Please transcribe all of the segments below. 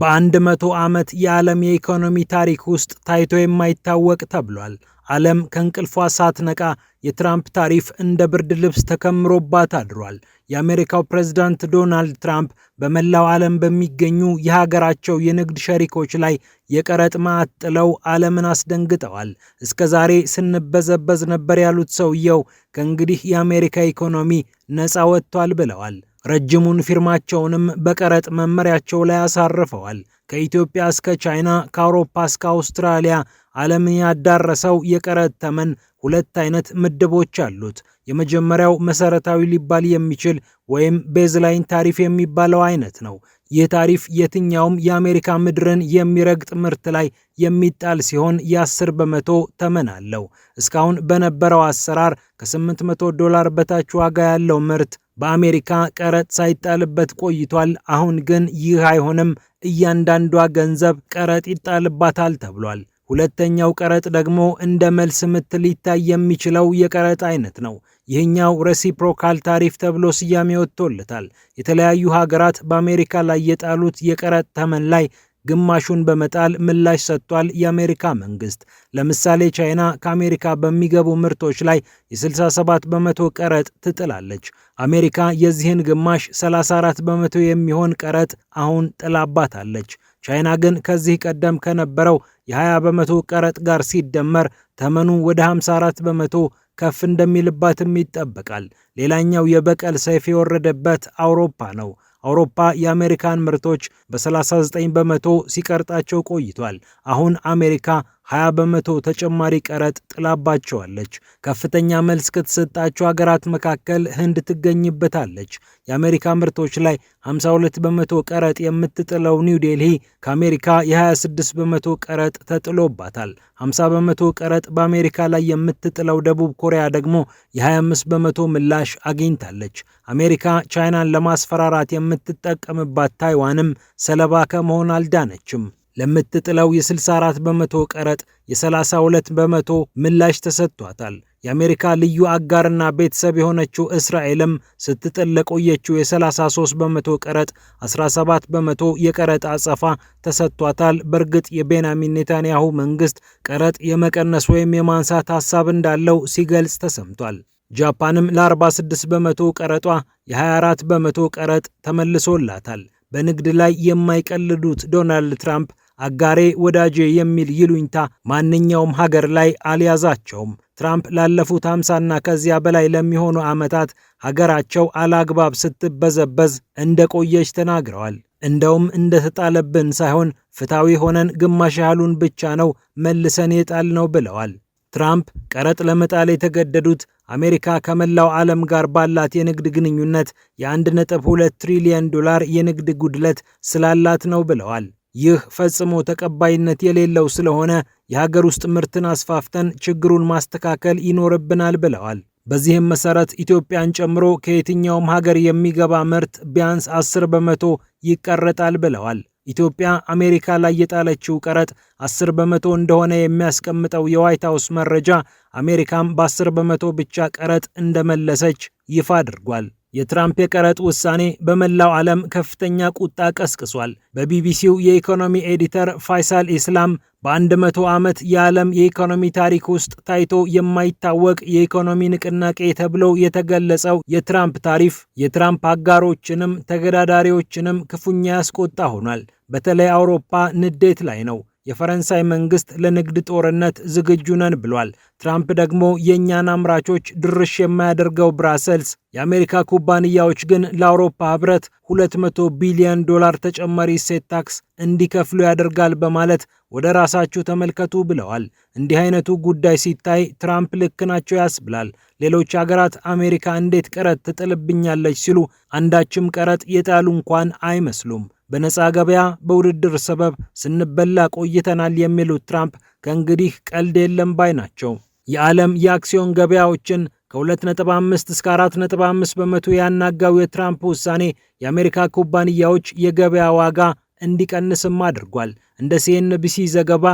በአንድ መቶ ዓመት የዓለም የኢኮኖሚ ታሪክ ውስጥ ታይቶ የማይታወቅ ተብሏል። ዓለም ከእንቅልፏ ሳትነቃ የትራምፕ ታሪፍ እንደ ብርድ ልብስ ተከምሮባት አድሯል። የአሜሪካው ፕሬዝዳንት ዶናልድ ትራምፕ በመላው ዓለም በሚገኙ የሀገራቸው የንግድ ሸሪኮች ላይ የቀረጥ ማዕት ጥለው ዓለምን አስደንግጠዋል። እስከ ዛሬ ስንበዘበዝ ነበር ያሉት ሰውየው ከእንግዲህ የአሜሪካ ኢኮኖሚ ነፃ ወጥቷል ብለዋል። ረጅሙን ፊርማቸውንም በቀረጥ መመሪያቸው ላይ አሳርፈዋል። ከኢትዮጵያ እስከ ቻይና፣ ከአውሮፓ እስከ አውስትራሊያ ዓለምን ያዳረሰው የቀረጥ ተመን ሁለት አይነት ምድቦች አሉት። የመጀመሪያው መሰረታዊ ሊባል የሚችል ወይም ቤዝላይን ታሪፍ የሚባለው አይነት ነው። ይህ ታሪፍ የትኛውም የአሜሪካ ምድርን የሚረግጥ ምርት ላይ የሚጣል ሲሆን የ10 በመቶ ተመን አለው። እስካሁን በነበረው አሰራር ከ800 ዶላር በታች ዋጋ ያለው ምርት በአሜሪካ ቀረጥ ሳይጣልበት ቆይቷል። አሁን ግን ይህ አይሆንም፣ እያንዳንዷ ገንዘብ ቀረጥ ይጣልባታል ተብሏል። ሁለተኛው ቀረጥ ደግሞ እንደ መልስ ምት ሊታይ የሚችለው የቀረጥ አይነት ነው። ይህኛው ሬሲፕሮካል ታሪፍ ተብሎ ስያሜ ወጥቶለታል። የተለያዩ ሀገራት በአሜሪካ ላይ የጣሉት የቀረጥ ተመን ላይ ግማሹን በመጣል ምላሽ ሰጥቷል የአሜሪካ መንግስት። ለምሳሌ ቻይና ከአሜሪካ በሚገቡ ምርቶች ላይ የ67 በመቶ ቀረጥ ትጥላለች። አሜሪካ የዚህን ግማሽ 34 በመቶ የሚሆን ቀረጥ አሁን ጥላባታለች። ቻይና ግን ከዚህ ቀደም ከነበረው የ20 በመቶ ቀረጥ ጋር ሲደመር ተመኑ ወደ 54 በመቶ ከፍ እንደሚልባትም ይጠበቃል። ሌላኛው የበቀል ሰይፍ የወረደበት አውሮፓ ነው። አውሮፓ የአሜሪካን ምርቶች በ39 በመቶ ሲቀርጣቸው ቆይቷል። አሁን አሜሪካ 20 በመቶ ተጨማሪ ቀረጥ ጥላባቸዋለች። ከፍተኛ መልስ ከተሰጣቸው ሀገራት መካከል ህንድ ትገኝበታለች። የአሜሪካ ምርቶች ላይ 52 በመቶ ቀረጥ የምትጥለው ኒው ዴልሂ ከአሜሪካ የ26 በመቶ ቀረጥ ተጥሎባታል። 50 በመቶ ቀረጥ በአሜሪካ ላይ የምትጥለው ደቡብ ኮሪያ ደግሞ የ25 በመቶ ምላሽ አግኝታለች። አሜሪካ ቻይናን ለማስፈራራት የምትጠቀምባት ታይዋንም ሰለባ ከመሆን አልዳነችም። ለምትጥለው የ64 በመቶ ቀረጥ የ32 በመቶ ምላሽ ተሰጥቷታል። የአሜሪካ ልዩ አጋርና ቤተሰብ የሆነችው እስራኤልም ስትጥል ለቆየችው የ33 በመቶ ቀረጥ 17 በመቶ የቀረጥ አጸፋ ተሰጥቷታል። በእርግጥ የቤንያሚን ኔታንያሁ መንግስት ቀረጥ የመቀነስ ወይም የማንሳት ሀሳብ እንዳለው ሲገልጽ ተሰምቷል። ጃፓንም ለ46 በመቶ ቀረጧ የ24 በመቶ ቀረጥ ተመልሶላታል። በንግድ ላይ የማይቀልዱት ዶናልድ ትራምፕ አጋሬ፣ ወዳጄ የሚል ይሉኝታ ማንኛውም ሀገር ላይ አልያዛቸውም። ትራምፕ ላለፉት 50ና ከዚያ በላይ ለሚሆኑ ዓመታት ሀገራቸው አላግባብ ስትበዘበዝ እንደቆየች ተናግረዋል። እንደውም እንደተጣለብን ሳይሆን ፍትሐዊ ሆነን ግማሽ ያህሉን ብቻ ነው መልሰን የጣል ነው ብለዋል። ትራምፕ ቀረጥ ለመጣል የተገደዱት አሜሪካ ከመላው ዓለም ጋር ባላት የንግድ ግንኙነት የ1.2 ትሪሊየን ዶላር የንግድ ጉድለት ስላላት ነው ብለዋል። ይህ ፈጽሞ ተቀባይነት የሌለው ስለሆነ የሀገር ውስጥ ምርትን አስፋፍተን ችግሩን ማስተካከል ይኖርብናል ብለዋል። በዚህም መሰረት ኢትዮጵያን ጨምሮ ከየትኛውም ሀገር የሚገባ ምርት ቢያንስ 10 በመቶ ይቀረጣል ብለዋል። ኢትዮጵያ አሜሪካ ላይ የጣለችው ቀረጥ 10 በመቶ እንደሆነ የሚያስቀምጠው የዋይት ሀውስ መረጃ አሜሪካም በ10 በመቶ ብቻ ቀረጥ እንደመለሰች ይፋ አድርጓል። የትራምፕ የቀረጥ ውሳኔ በመላው ዓለም ከፍተኛ ቁጣ ቀስቅሷል። በቢቢሲው የኢኮኖሚ ኤዲተር ፋይሳል ኢስላም በአንድ መቶ ዓመት የዓለም የኢኮኖሚ ታሪክ ውስጥ ታይቶ የማይታወቅ የኢኮኖሚ ንቅናቄ ተብሎ የተገለጸው የትራምፕ ታሪፍ የትራምፕ አጋሮችንም ተገዳዳሪዎችንም ክፉኛ ያስቆጣ ሆኗል። በተለይ አውሮፓ ንዴት ላይ ነው። የፈረንሳይ መንግስት ለንግድ ጦርነት ዝግጁ ነን ብሏል። ትራምፕ ደግሞ የእኛን አምራቾች ድርሽ የማያደርገው ብራሰልስ፣ የአሜሪካ ኩባንያዎች ግን ለአውሮፓ ህብረት 200 ቢሊዮን ዶላር ተጨማሪ እሴት ታክስ እንዲከፍሉ ያደርጋል በማለት ወደ ራሳችሁ ተመልከቱ ብለዋል። እንዲህ አይነቱ ጉዳይ ሲታይ ትራምፕ ልክ ናቸው ያስብላል። ሌሎች ሀገራት አሜሪካ እንዴት ቀረጥ ትጥልብኛለች ሲሉ አንዳችም ቀረጥ የጣሉ እንኳን አይመስሉም። በነፃ ገበያ በውድድር ሰበብ ስንበላ ቆይተናል የሚሉት ትራምፕ ከእንግዲህ ቀልድ የለም ባይ ናቸው። የዓለም የአክሲዮን ገበያዎችን ከ2.5 እስከ 4.5 በመቶ ያናጋው የትራምፕ ውሳኔ የአሜሪካ ኩባንያዎች የገበያ ዋጋ እንዲቀንስም አድርጓል። እንደ ሲኤንቢሲ ዘገባ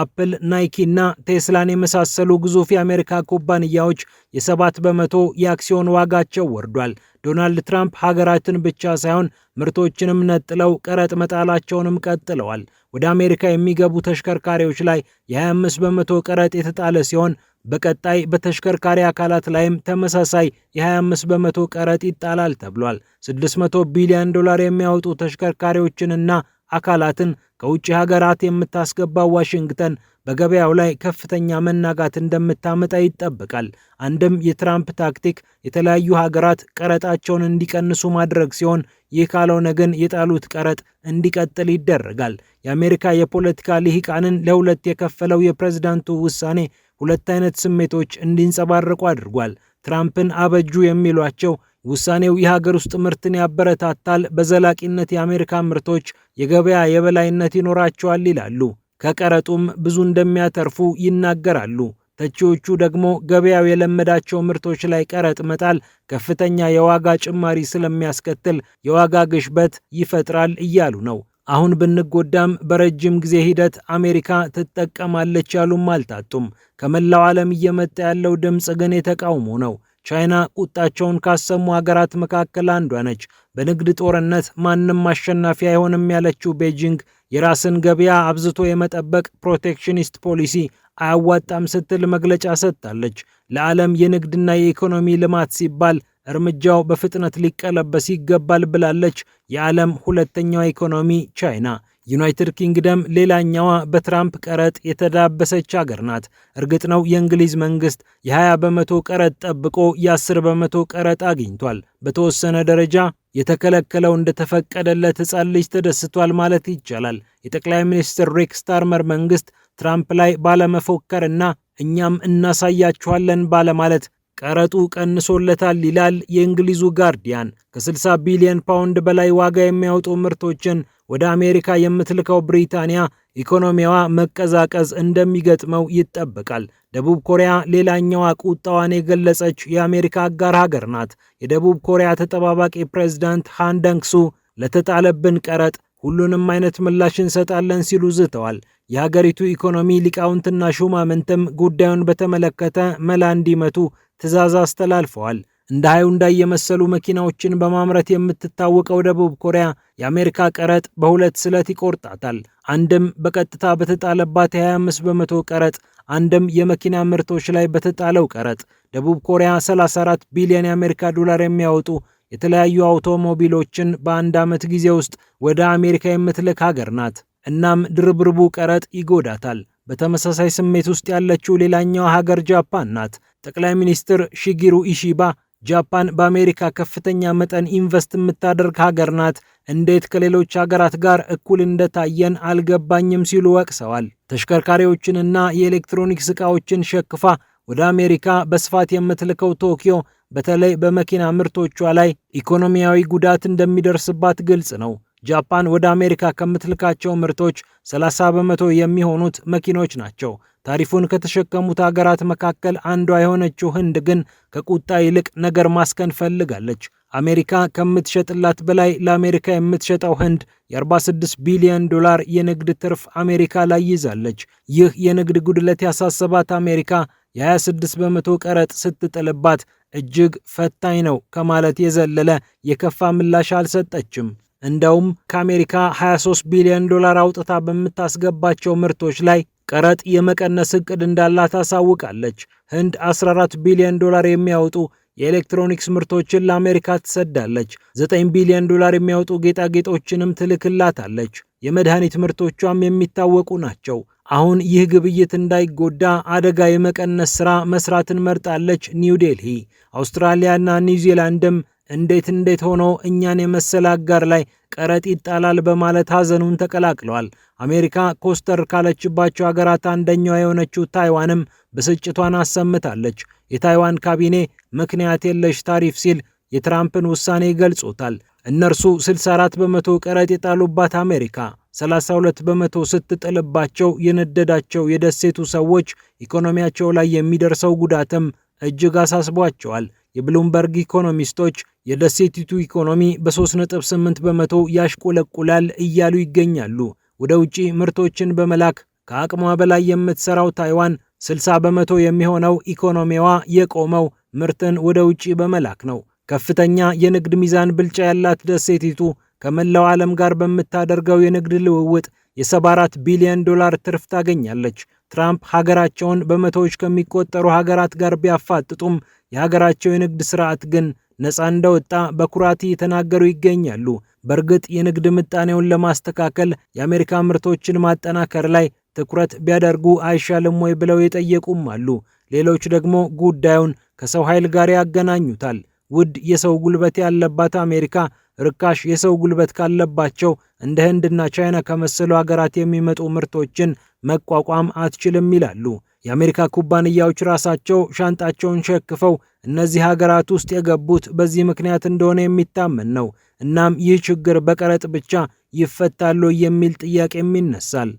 አፕል፣ ናይኪ እና ቴስላን የመሳሰሉ ግዙፍ የአሜሪካ ኩባንያዎች የሰባት በመቶ የአክሲዮን ዋጋቸው ወርዷል። ዶናልድ ትራምፕ ሀገራትን ብቻ ሳይሆን ምርቶችንም ነጥለው ቀረጥ መጣላቸውንም ቀጥለዋል። ወደ አሜሪካ የሚገቡ ተሽከርካሪዎች ላይ የ25 በመቶ ቀረጥ የተጣለ ሲሆን በቀጣይ በተሽከርካሪ አካላት ላይም ተመሳሳይ የ25 በመቶ ቀረጥ ይጣላል ተብሏል። 600 ቢሊዮን ዶላር የሚያወጡ ተሽከርካሪዎችንና አካላትን ከውጭ ሀገራት የምታስገባው ዋሽንግተን በገበያው ላይ ከፍተኛ መናጋት እንደምታመጣ ይጠበቃል። አንድም የትራምፕ ታክቲክ የተለያዩ ሀገራት ቀረጣቸውን እንዲቀንሱ ማድረግ ሲሆን ይህ ካልሆነ ግን የጣሉት ቀረጥ እንዲቀጥል ይደረጋል። የአሜሪካ የፖለቲካ ልሂቃንን ለሁለት የከፈለው የፕሬዝዳንቱ ውሳኔ ሁለት አይነት ስሜቶች እንዲንጸባረቁ አድርጓል። ትራምፕን አበጁ የሚሏቸው ውሳኔው የሀገር ውስጥ ምርትን ያበረታታል፣ በዘላቂነት የአሜሪካ ምርቶች የገበያ የበላይነት ይኖራቸዋል ይላሉ። ከቀረጡም ብዙ እንደሚያተርፉ ይናገራሉ። ተቺዎቹ ደግሞ ገበያው የለመዳቸው ምርቶች ላይ ቀረጥ መጣል ከፍተኛ የዋጋ ጭማሪ ስለሚያስከትል የዋጋ ግሽበት ይፈጥራል እያሉ ነው። አሁን ብንጎዳም በረጅም ጊዜ ሂደት አሜሪካ ትጠቀማለች ያሉም አልታጡም። ከመላው ዓለም እየመጣ ያለው ድምፅ ግን የተቃውሞ ነው። ቻይና ቁጣቸውን ካሰሙ ሀገራት መካከል አንዷ ነች። በንግድ ጦርነት ማንም አሸናፊ አይሆንም ያለችው ቤጂንግ የራስን ገበያ አብዝቶ የመጠበቅ ፕሮቴክሽኒስት ፖሊሲ አያዋጣም ስትል መግለጫ ሰጥታለች። ለዓለም የንግድና የኢኮኖሚ ልማት ሲባል እርምጃው በፍጥነት ሊቀለበስ ይገባል ብላለች። የዓለም ሁለተኛው ኢኮኖሚ ቻይና ዩናይትድ ኪንግደም ሌላኛዋ በትራምፕ ቀረጥ የተዳበሰች ሀገር ናት። እርግጥ ነው የእንግሊዝ መንግስት የ20 በመቶ ቀረጥ ጠብቆ የ10 በመቶ ቀረጥ አግኝቷል። በተወሰነ ደረጃ የተከለከለው እንደተፈቀደለት ሕፃን ልጅ ተደስቷል ማለት ይቻላል። የጠቅላይ ሚኒስትር ሪክ ስታርመር መንግስት ትራምፕ ላይ ባለመፎከርና እኛም እናሳያችኋለን ባለማለት ቀረጡ ቀንሶለታል ይላል የእንግሊዙ ጋርዲያን። ከ60 ቢሊዮን ፓውንድ በላይ ዋጋ የሚያወጡ ምርቶችን ወደ አሜሪካ የምትልከው ብሪታንያ ኢኮኖሚዋ መቀዛቀዝ እንደሚገጥመው ይጠበቃል። ደቡብ ኮሪያ ሌላኛዋ ቁጣዋን የገለጸች የአሜሪካ አጋር ሀገር ናት። የደቡብ ኮሪያ ተጠባባቂ ፕሬዝዳንት ሃንደንግሱ ለተጣለብን ቀረጥ ሁሉንም አይነት ምላሽ እንሰጣለን ሲሉ ዝተዋል። የሀገሪቱ ኢኮኖሚ ሊቃውንትና ሹማምንትም ጉዳዩን በተመለከተ መላ እንዲመቱ ትዕዛዝ አስተላልፈዋል። እንደ ሃይንዳይ የመሰሉ መኪናዎችን በማምረት የምትታወቀው ደቡብ ኮሪያ የአሜሪካ ቀረጥ በሁለት ስለት ይቆርጣታል። አንድም በቀጥታ በተጣለባት የ25 በመቶ ቀረጥ፣ አንድም የመኪና ምርቶች ላይ በተጣለው ቀረጥ። ደቡብ ኮሪያ 34 ቢሊዮን የአሜሪካ ዶላር የሚያወጡ የተለያዩ አውቶሞቢሎችን በአንድ ዓመት ጊዜ ውስጥ ወደ አሜሪካ የምትልክ ሀገር ናት። እናም ድርብርቡ ቀረጥ ይጎዳታል። በተመሳሳይ ስሜት ውስጥ ያለችው ሌላኛዋ ሀገር ጃፓን ናት። ጠቅላይ ሚኒስትር ሺጊሩ ኢሺባ ጃፓን በአሜሪካ ከፍተኛ መጠን ኢንቨስት የምታደርግ ሀገር ናት፣ እንዴት ከሌሎች ሀገራት ጋር እኩል እንደታየን አልገባኝም ሲሉ ወቅሰዋል። ተሽከርካሪዎችንና የኤሌክትሮኒክስ ዕቃዎችን ሸክፋ ወደ አሜሪካ በስፋት የምትልከው ቶኪዮ በተለይ በመኪና ምርቶቿ ላይ ኢኮኖሚያዊ ጉዳት እንደሚደርስባት ግልጽ ነው። ጃፓን ወደ አሜሪካ ከምትልካቸው ምርቶች 30 በመቶ የሚሆኑት መኪኖች ናቸው። ታሪፉን ከተሸከሙት አገራት መካከል አንዷ የሆነችው ህንድ ግን ከቁጣ ይልቅ ነገር ማስከን ፈልጋለች። አሜሪካ ከምትሸጥላት በላይ ለአሜሪካ የምትሸጠው ህንድ የ46 ቢሊዮን ዶላር የንግድ ትርፍ አሜሪካ ላይ ይዛለች። ይህ የንግድ ጉድለት ያሳሰባት አሜሪካ የ26 በመቶ ቀረጥ ስትጥልባት እጅግ ፈታኝ ነው ከማለት የዘለለ የከፋ ምላሽ አልሰጠችም። እንደውም ከአሜሪካ 23 ቢሊዮን ዶላር አውጥታ በምታስገባቸው ምርቶች ላይ ቀረጥ የመቀነስ እቅድ እንዳላት ታሳውቃለች። ህንድ 14 ቢሊዮን ዶላር የሚያወጡ የኤሌክትሮኒክስ ምርቶችን ለአሜሪካ ትሰዳለች። 9 ቢሊዮን ዶላር የሚያወጡ ጌጣጌጦችንም ትልክላታለች። የመድኃኒት ምርቶቿም የሚታወቁ ናቸው። አሁን ይህ ግብይት እንዳይጎዳ አደጋ የመቀነስ ሥራ መስራትን መርጣለች ኒው ዴልሂ። አውስትራሊያና ኒውዚላንድም እንዴት እንዴት ሆኖ እኛን የመሰለ አጋር ላይ ቀረጥ ይጣላል በማለት ሀዘኑን ተቀላቅለዋል። አሜሪካ ኮስተር ካለችባቸው ሀገራት አንደኛዋ የሆነችው ታይዋንም ብስጭቷን አሰምታለች። የታይዋን ካቢኔ ምክንያት የለሽ ታሪፍ ሲል የትራምፕን ውሳኔ ገልጾታል። እነርሱ 64 በመቶ ቀረጥ የጣሉባት አሜሪካ 32 በመቶ ስትጥልባቸው የነደዳቸው የደሴቱ ሰዎች ኢኮኖሚያቸው ላይ የሚደርሰው ጉዳትም እጅግ አሳስቧቸዋል። የብሉምበርግ ኢኮኖሚስቶች የደሴቲቱ ኢኮኖሚ በ3.8 በመቶ ያሽቆለቁላል እያሉ ይገኛሉ። ወደ ውጪ ምርቶችን በመላክ ከአቅሟ በላይ የምትሰራው ታይዋን 60 በመቶ የሚሆነው ኢኮኖሚዋ የቆመው ምርትን ወደ ውጪ በመላክ ነው። ከፍተኛ የንግድ ሚዛን ብልጫ ያላት ደሴቲቱ ከመላው ዓለም ጋር በምታደርገው የንግድ ልውውጥ የ74 ቢሊዮን ዶላር ትርፍ ታገኛለች። ትራምፕ ሀገራቸውን በመቶዎች ከሚቆጠሩ ሀገራት ጋር ቢያፋጥጡም የሀገራቸው የንግድ ስርዓት ግን ነፃ እንደወጣ በኩራት እየተናገሩ ይገኛሉ። በእርግጥ የንግድ ምጣኔውን ለማስተካከል የአሜሪካ ምርቶችን ማጠናከር ላይ ትኩረት ቢያደርጉ አይሻልም ወይ ብለው የጠየቁም አሉ። ሌሎች ደግሞ ጉዳዩን ከሰው ኃይል ጋር ያገናኙታል። ውድ የሰው ጉልበት ያለባት አሜሪካ ርካሽ የሰው ጉልበት ካለባቸው እንደ ህንድና ቻይና ከመሰሉ ሀገራት የሚመጡ ምርቶችን መቋቋም አትችልም ይላሉ። የአሜሪካ ኩባንያዎች ራሳቸው ሻንጣቸውን ሸክፈው እነዚህ ሀገራት ውስጥ የገቡት በዚህ ምክንያት እንደሆነ የሚታመን ነው። እናም ይህ ችግር በቀረጥ ብቻ ይፈታሉ የሚል ጥያቄም ይነሳል።